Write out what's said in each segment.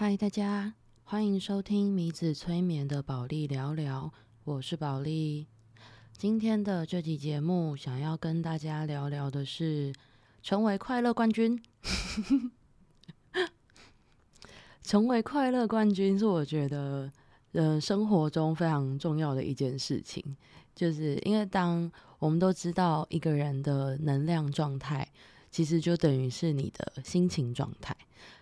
嗨，大家歡迎收聽米子催眠的寶莉聊聊，我是寶莉，今天的這期節目，想要跟大家聊聊的是成為快樂冠軍。 成為快樂冠軍是我覺得，呃，生活中非常重要的一件事情，就是因為當我們都知道一個人的能量狀態，其實就等於是你的心情狀態。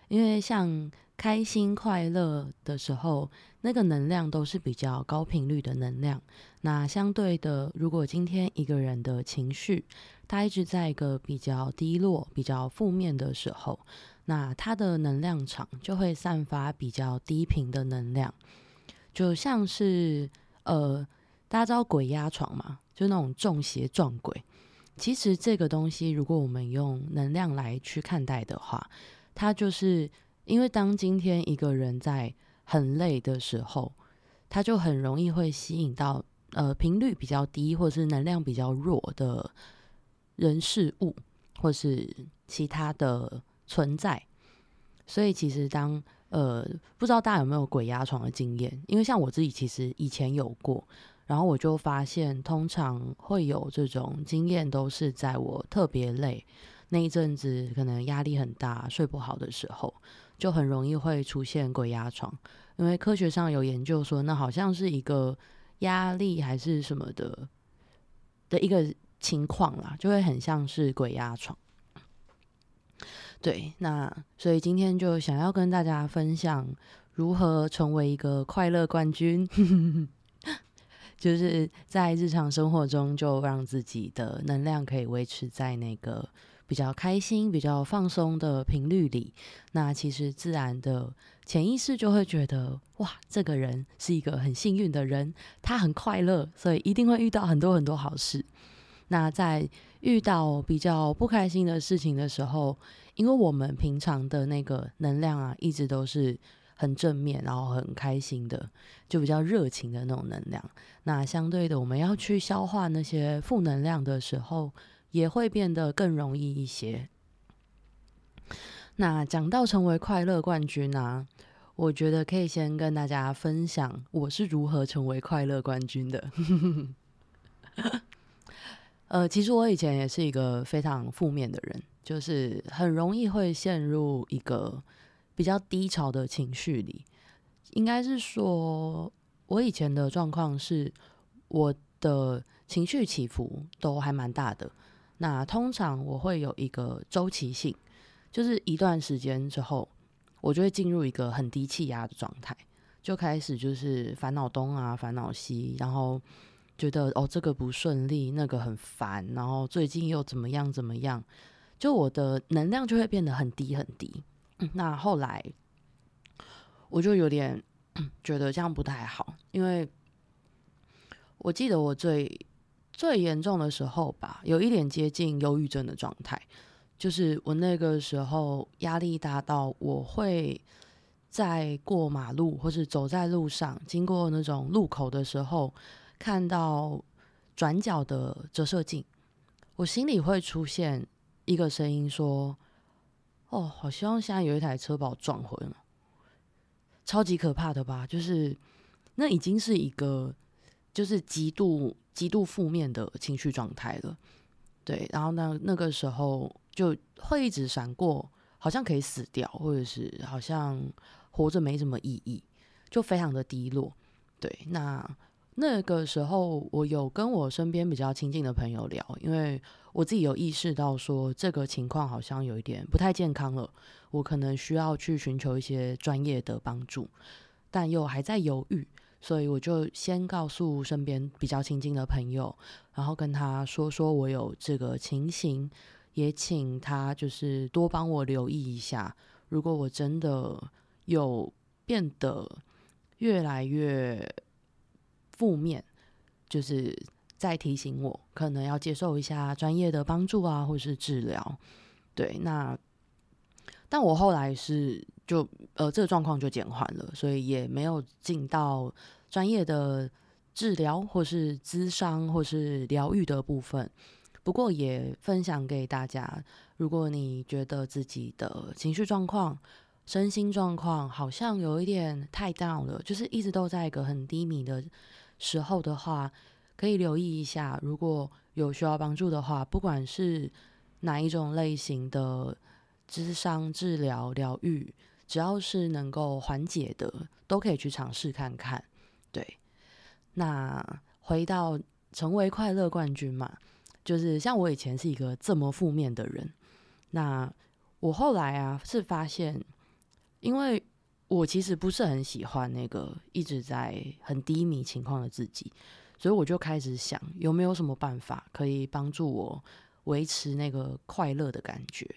因為像開心快樂的時候，那個能量都是比較高頻率的能量。那相對的，如果今天一個人的情緒，他一直在一個比較低落、比較負面的時候，那他的能量場就會散發比較低頻的能量。就像是呃，大家知道鬼壓床嘛，就那種中邪撞鬼。其實這個東西，如果我們用能量來去看待的話，它就是因為當今天一個人在很累的時候，他就很容易會吸引到呃頻率比較低或者是能量比較弱的人事物，或是其他的存在。所以其實當呃，不知道大家有沒有鬼壓床的經驗？因為像我自己其實以前有過，然後我就發現通常會有這種經驗，都是在我特別累。那一陣子可能壓力很大、睡不好的時候，就很容易會出現鬼壓床。因為科學上有研究說，那好像是一個壓力還是什麼的的一個情況啦，就會很像是鬼壓床。對，那所以今天就想要跟大家分享如何成為一個快樂冠軍， 就是在日常生活中就讓自己的能量可以維持在那個。比較開心、比較放鬆的頻率裡，那其實自然的潛意識就會覺得，哇，這個人是一個很幸運的人，他很快樂，所以一定會遇到很多很多好事。那在遇到比較不開心的事情的時候，因為我們平常的那個能量啊，一直都是很正面，然後很開心的，就比較熱情的那種能量。那相對的，我們要去消化那些負能量的時候，也會變得更容易一些。那講到成為快樂冠軍呢、啊，我覺得可以先跟大家分享我是如何成為快樂冠軍的。 呃，其實我以前也是一個非常負面的人，就是很容易會陷入一個比較低潮的情緒裡。應該是說，我以前的狀況是我的情緒起伏都還蠻大的。那通常我會有一個周期性，就是一段時間之後，我就會進入一個很低氣壓的狀態，就開始就是煩惱東啊，煩惱西，然後覺得哦，這個不順利，那個很煩，然後最近又怎麼樣怎麼樣，就我的能量就會變得很低很低。嗯，那後來我就有點，嗯，覺得這樣不太好，因為我記得我最。最嚴重的時候吧，有一點接近憂鬱症的狀態，就是我那個時候壓力大到我會在過馬路或是走在路上，經過那種路口的時候，看到轉角的折射鏡，我心裡會出現一個聲音說：“哦，好像現在有一台車把我撞昏了。”超級可怕的吧？就是那已經是一個，就是極度。極度負面的情緒狀態了，對，然後呢，那個時候就會一直閃過，好像可以死掉，或者是好像活着沒什麼意義，就非常的低落。對，那那個時候我有跟我身邊比較親近的朋友聊，因為我自己有意識到說這個情況好像有一點不太健康了，我可能需要去尋求一些專業的幫助，但又還在猶豫。所以我就先告訴身邊比較親近的朋友，然後跟他說說我有這個情形，也請他就是多幫我留意一下。如果我真的有變得越來越負面，就是再提醒我可能要接受一下專業的幫助啊，或是治療。對，那但我後來是。就呃，這個狀況就減緩了，所以也沒有進到專業的治療或是諮商或是療癒的部分。不過也分享給大家，如果你覺得自己的情緒狀況、身心狀況好像有一點太 down 了，就是一直都在一個很低迷的時候的話，可以留意一下。如果有需要幫助的話，不管是哪一種類型的諮商、治療、療癒。只要是能夠緩解的，都可以去嘗試看看。對，那回到成為快樂冠軍嘛，就是像我以前是一個這麼負面的人，那我後來啊是發現，因為我其實不是很喜歡那個一直在很低迷情況的自己，所以我就開始想有沒有什麼辦法可以幫助我維持那個快樂的感覺。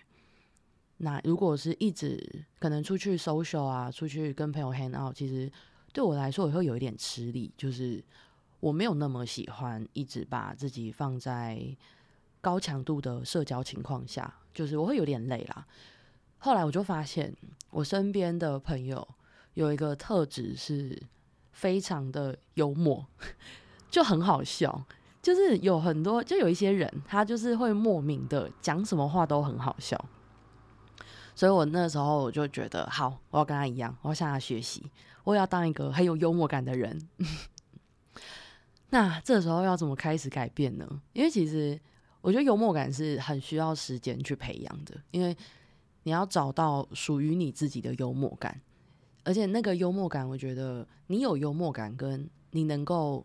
那如果是一直可能出去 social 啊，出去跟朋友 hang out，其實對我來說也會有一點吃力，就是我沒有那麼喜歡一直把自己放在高強度的社交情況下，就是我會有點累啦。後來我就發現，我身邊的朋友有一個特質是非常的幽默，就很好笑，就是有很多就有一些人，他就是會莫名的講什麼話都很好笑。所以我那時候我就覺得，好，我要跟他一樣，我要向他學習，我要當一個很有幽默感的人。 那這時候要怎麼開始改變呢？因為其實我覺得幽默感是很需要時間去培養的，因為你要找到屬於你自己的幽默感，而且那個幽默感，我覺得你有幽默感，跟你能夠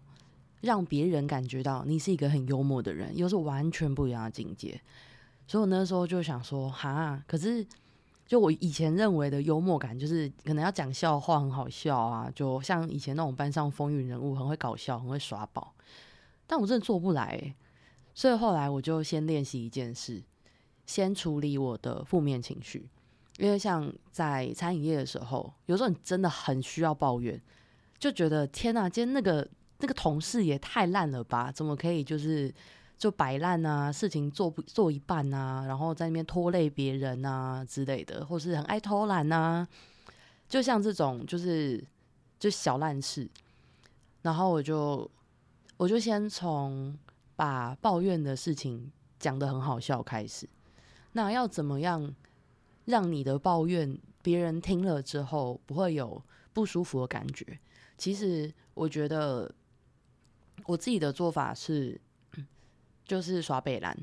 讓別人感覺到你是一個很幽默的人，又是完全不一樣的境界。所以，我那時候就想說，哈，可是。就我以前認為的幽默感，就是可能要講笑話很好笑啊，就像以前那種班上風雲人物，很會搞笑，很會耍寶。但我真的做不來欸，所以後來我就先練習一件事，先處理我的負面情緒。因為像在餐飲業的時候，有時候你真的很需要抱怨，就覺得天啊，今天那個那個同事也太爛了吧，怎麼可以就是。就擺爛啊，事情做不做一半啊，然後在那邊拖累別人啊之類的，或是很愛偷懶啊，就像這種，就是就小爛事。然後我就我就先從把抱怨的事情講得很好笑開始。那要怎麼樣讓你的抱怨別人聽了之後不會有不舒服的感覺？其實我覺得我自己的做法是。就是耍白爛，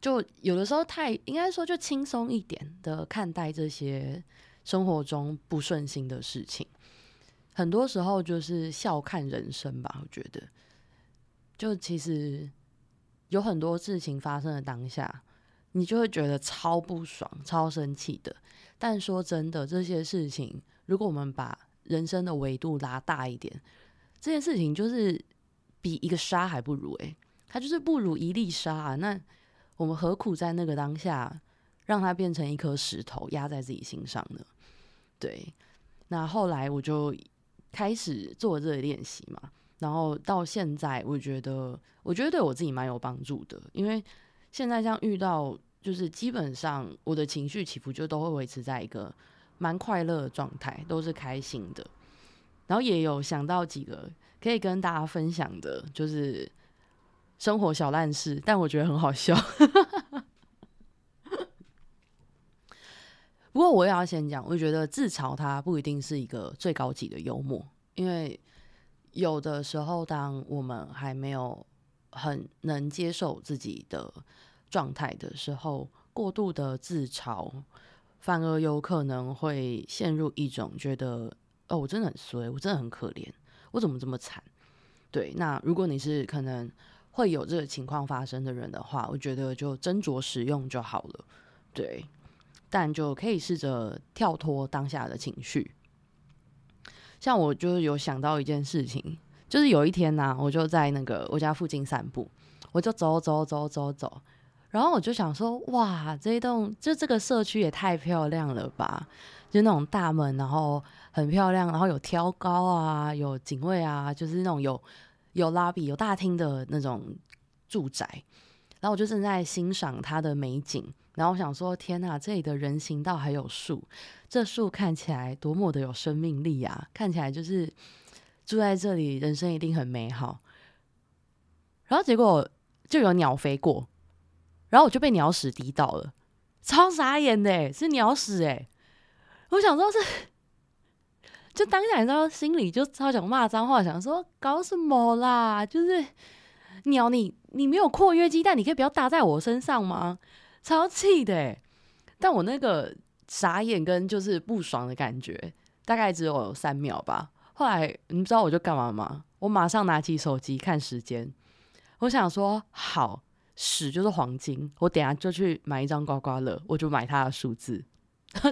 就有的時候太應該說就輕鬆一點的看待這些生活中不順心的事情。很多時候就是笑看人生吧，我覺得。就其實有很多事情發生的當下，你就會覺得超不爽，超生氣的。但說真的，這些事情，如果我們把人生的維度拉大一點，這件事情就是比一個殺還不如，欸。它就是不如一粒沙啊，那我們何苦在那個當下讓它變成一顆石頭壓在自己心上呢？對。那後來我就開始做這個練習嘛，然後到現在我覺得，我覺得對我自己蠻有幫助的，因為現在像遇到，就是基本上我的情緒起伏就都會維持在一個蠻快樂的狀態，都是開心的。然後也有想到幾個可以跟大家分享的，就是。生活小爛事，但我覺得很好笑。 不過我也要先講，我覺得自嘲它不一定是一個最高級的幽默，因為有的時候當我們還沒有很能接受自己的狀態的時候，過度的自嘲反而有可能會陷入一種覺得哦，我真的很衰，我真的很可憐，我怎麼這麼慘？對，那如果你是可能。會有這個情況發生的人的話，我覺得就斟酌使用就好了，對。但就可以試着跳脫當下的情緒。像我就是有想到一件事情，就是有一天吶、啊，我就在那個我家附近散步，我就走走走走走，然後我就想說，哇，這一棟就這個社區也太漂亮了吧，就那種大門，然後很漂亮，然後有挑高啊，有警衛啊，就是那種有。有 lobby 有大廳的那種住宅，然後我就正在欣賞它的美景，然後我想說天哪，這裡的人行道還有樹，這樹看起來多麼的有生命力啊！看起來就是住在這裡，人生一定很美好。然後結果就有鳥飛過，然後我就被鳥屎滴到了，超傻眼的，是鳥屎誒，我想說，是。就當下你知道，心裡就超想罵髒話，想說搞什麼啦？就是鳥你你沒有括約雞蛋，你可以不要搭在我身上嗎？超氣的、欸！但我那個傻眼跟就是不爽的感覺，大概只有三秒吧。後來你知道我就幹嘛嗎？我馬上拿起手機看時間，我想說好屎就是黃金，我等下就去買一張刮刮樂，我就買它的數字，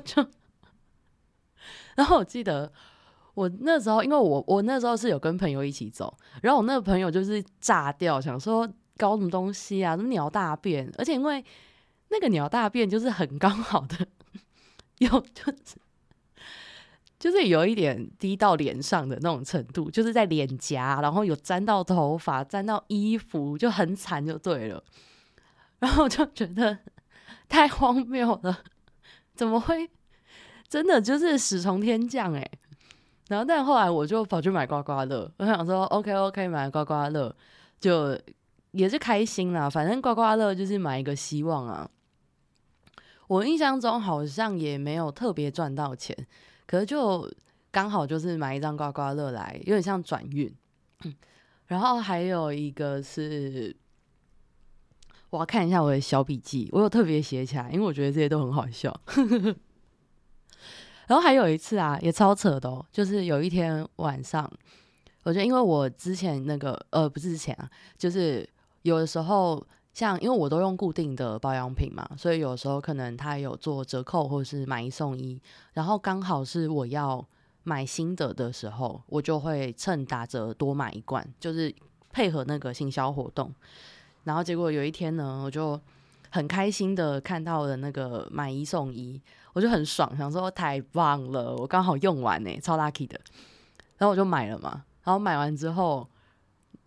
就。 然後我記得我那時候，因為我我那時候是有跟朋友一起走，然後我那個朋友就是炸掉，想說搞什麼東西啊？什麼鳥大便？而且因為那個鳥大便就是很剛好的，有就是就是有一點滴到臉上的那種程度，就是在臉頰，然後有沾到頭髮、沾到衣服，就很慘就對了。然後我就覺得太荒謬了，怎麼會？真的就是喜從天降哎、欸，然後但後來我就跑去買刮刮樂，我想說 OK OK 買刮刮樂就也是開心啦，反正刮刮樂就是買一個希望啊。我印象中好像也沒有特別賺到錢，可是就剛好就是買一張刮刮樂來，有點像轉運。然後還有一個是我要看一下我的小筆記，我有特別寫起來，因為我覺得這些都很好笑。 然後還有一次啊，也超扯的哦，就是有一天晚上，我覺得因為我之前那個呃，不是之前啊，就是有的時候像因為我都用固定的保養品嘛，所以有的時候可能他有做折扣或者是買一送一。然後剛好是我要買新的的時候，我就會趁打折多買一罐，就是配合那個行銷活動。然後結果有一天呢，我就很開心的看到了那個買一送一。我就很爽，想說太棒了！我剛好用完呢，欸，超 lucky 的。然後我就買了嘛。然後買完之後，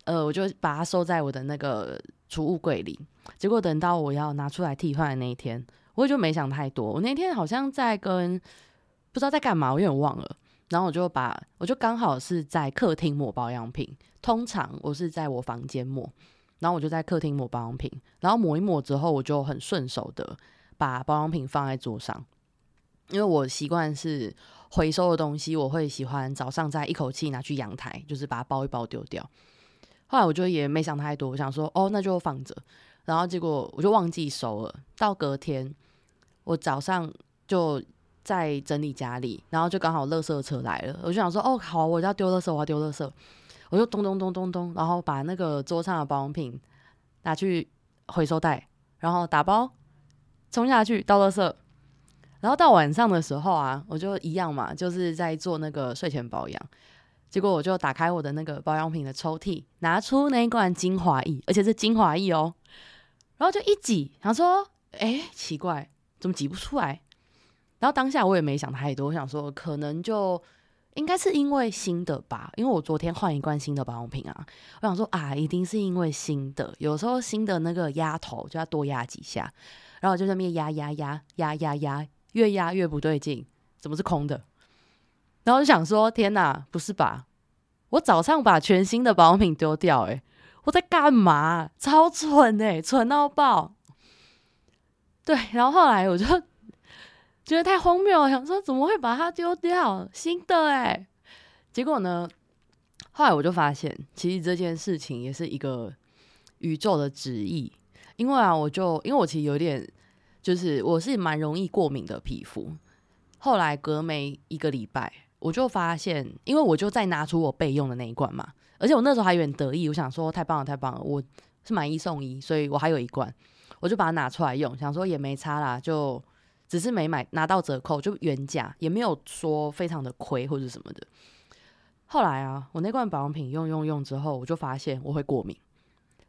呃，我就把它收在我的那個儲物櫃裡。結果等到我要拿出來替換的那一天，我也就沒想太多。我那天好像在跟不知道在幹嘛，我有點忘了。然後我就把，我就剛好是在客廳抹保養品。通常我是在我房間抹，然後我就在客廳抹保養品。然後抹一抹之後，我就很順手的把保養品放在桌上。因為我習慣是回收的東西，我會喜歡早上再一口氣拿去陽台，就是把它包一包丟掉。後來我就也沒想太多，我想說哦，那就放着。然後結果我就忘記收了。到隔天，我早上就在整理家裡，然後就剛好垃圾車來了，我就想說哦，好，我要丟垃圾，我要丟垃圾，我就咚咚咚咚咚咚，然後把那個桌上的保養品拿去回收袋，然後打包衝下去倒垃圾。然後到晚上的時候啊，我就一樣嘛，就是在做那個睡前保養。結果我就打開我的那個保養品的抽屜，拿出那一罐精華液，而且是精華液哦。然後就一擠，想說：“哎、欸，奇怪，怎麼擠不出來？”然後當下我也沒想太多，我想說，可能就應該是因為新的吧，因為我昨天換一罐新的保養品啊。我想說啊，一定是因為新的。有時候新的那個壓頭就要多壓幾下，然後我就在那邊壓壓壓壓，壓壓壓。越壓越不對勁，怎麼是空的？然後就想說：天哪，不是吧？我早上把全新的保養品丟掉，欸，哎，我在幹嘛？超蠢哎，欸，蠢到爆！對，然後後來我就覺得太荒謬，想說怎麼會把它丟掉？新的哎，欸，結果呢？後來我就發現，其實這件事情也是一個宇宙的旨意，因為啊，我就因為我其實有點。就是我是蠻容易過敏的皮膚，後來隔沒一個禮拜，我就發現，因為我就再拿出我備用的那一罐嘛，而且我那時候還有點得意，我想說太棒了太棒了，我是買一送一，所以我還有一罐，我就把它拿出來用，想說也沒差啦，就只是沒買拿到折扣就原價，也沒有說非常的虧或者什麼的。後來啊，我那罐保養品用用用之後，我就發現我會過敏，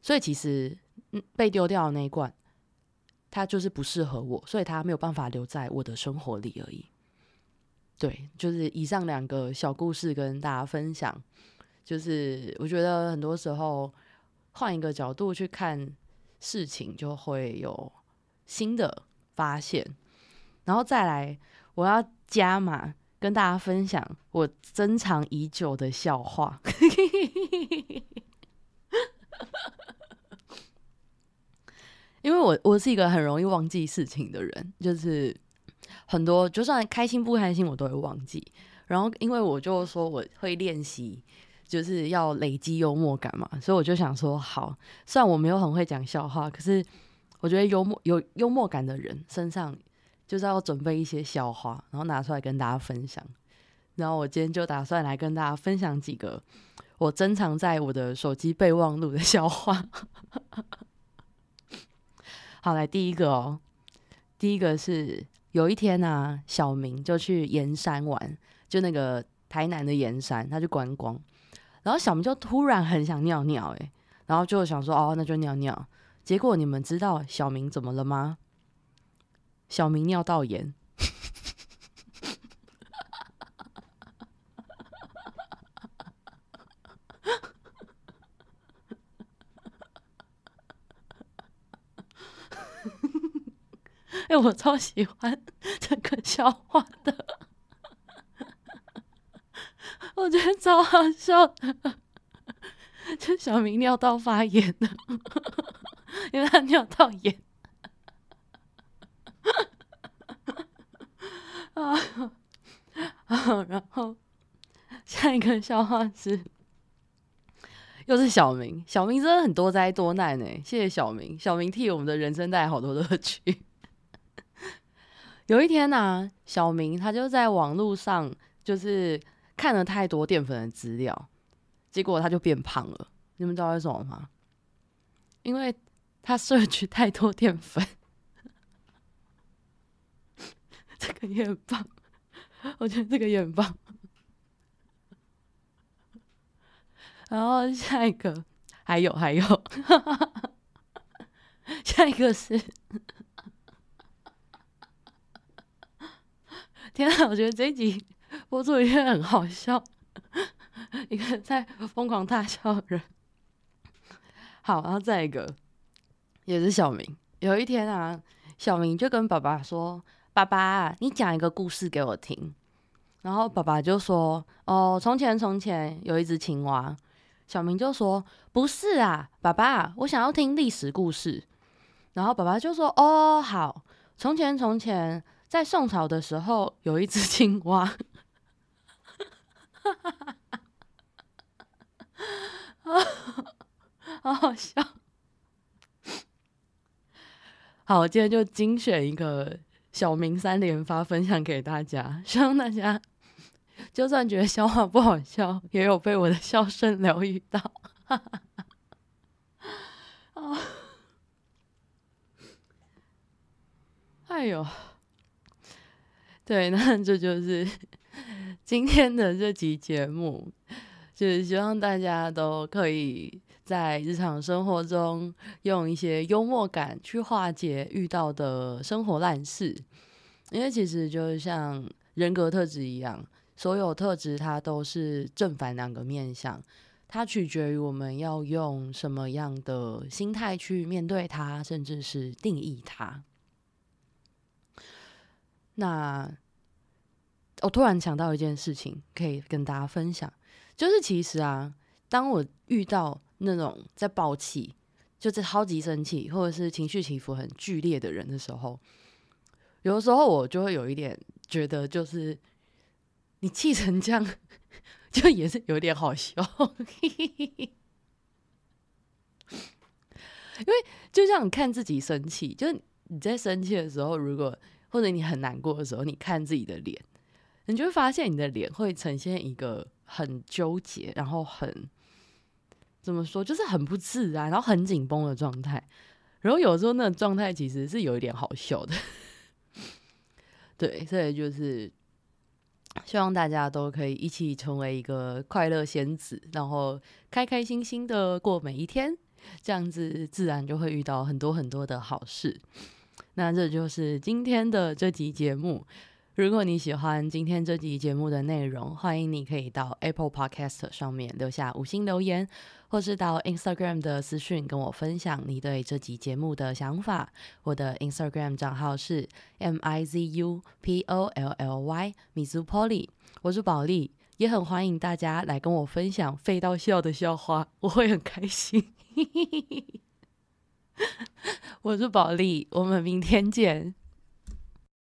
所以其實，嗯，被丟掉的那一罐。他就是不適合我，所以他沒有辦法留在我的生活裡而已。對，就是以上兩個小故事跟大家分享。就是我覺得很多時候換一個角度去看事情，就會有新的發現。然後再來，我要加碼跟大家分享我珍藏已久的笑話。 因為我我是一個很容易忘記事情的人，就是很多就算開心不開心我都會忘記。然後因為我就說我會練習，就是要累積幽默感嘛，所以我就想說，好，雖然我沒有很會講笑話，可是我覺得幽默有幽默感的人身上就是要準備一些笑話，然後拿出來跟大家分享。然後我今天就打算來跟大家分享幾個我珍藏在我的手機備忘錄的笑話。好，來第一個哦，第一個是有一天啊，小明就去鹽山玩，就那個台南的鹽山，他去觀光，然後小明就突然很想尿尿，哎，然後就想說哦，那就尿尿，結果你們知道小明怎麼了嗎？小明尿道炎。我超喜歡這個笑話的，我覺得超好笑。就小明尿道發炎的，因為他尿道炎。啊，啊，啊啊啊、然後下一個笑話是，又是小明，小明真的很多災多難呢。欸，謝謝小明，小明替我們的人生帶來好多樂趣。有一天呢、啊，小明他就在網路上就是看了太多澱粉的資料，結果他就變胖了。你們知道為什麼嗎？因為他攝取太多澱粉。 這個也很棒， 我覺得這個也很棒。 然後下一個還有還有， 下一個是。天啊，我覺得這一集播出一定很好笑，一 個在瘋狂大笑的人。好，然後再一個也是小明。有一天啊，小明就跟爸爸說：“爸爸，你講一個故事給我聽。”然後爸爸就說：“哦，從前從前有一只青蛙。”小明就說：“不是啊，爸爸，我想要聽歷史故事。”然後爸爸就說：“哦，好，從前從前。”在宋朝的時候，有一隻青蛙，哈哈哈哈哈，好好笑。好，我今天就精選一個小明三連發，分享給大家，希望大家就算覺得笑話不好笑，也有被我的笑聲療癒到。啊， 哎呦！對，那這就是今天的這期節目，就是希望大家都可以在日常生活中用一些幽默感去化解遇到的生活爛事，因為其實就是像人格特質一樣，所有特質它都是正反兩個面向，它取決於我們要用什麼樣的心態去面對它，甚至是定義它。那我突然想到一件事情，可以跟大家分享，就是其實啊，當我遇到那種在爆氣，就是超級生氣，或者是情緒起伏很劇烈的人的時候，有的時候我就會有一點覺得，就是你氣成這樣，就也是有點好笑。 因為就像你看自己生氣，就是你在生氣的時候，如果，或者你很難過的時候，你看自己的臉，你就會發現你的臉會呈現一個很糾結，然後很怎麼說，就是很不自然，然後很緊繃的狀態。然後有時候那個狀態其實是有一點好笑的。 對，所以就是希望大家都可以一起成為一個快樂仙子，然後開開心心的過每一天，這樣子自然就會遇到很多很多的好事。那這就是今天的這集節目。如果你喜歡今天這集節目的內容，歡迎你可以到 Apple Podcast 上面留下五星留言，或是到 Instagram 的私訊跟我分享你對這集節目的想法。我的 Instagram 賬號是 M I Z U P O L L Y p o l y 我是寶莉，也很歡迎大家來跟我分享廢到笑的笑話，我會很開心。 我是寶莉，我們明天見。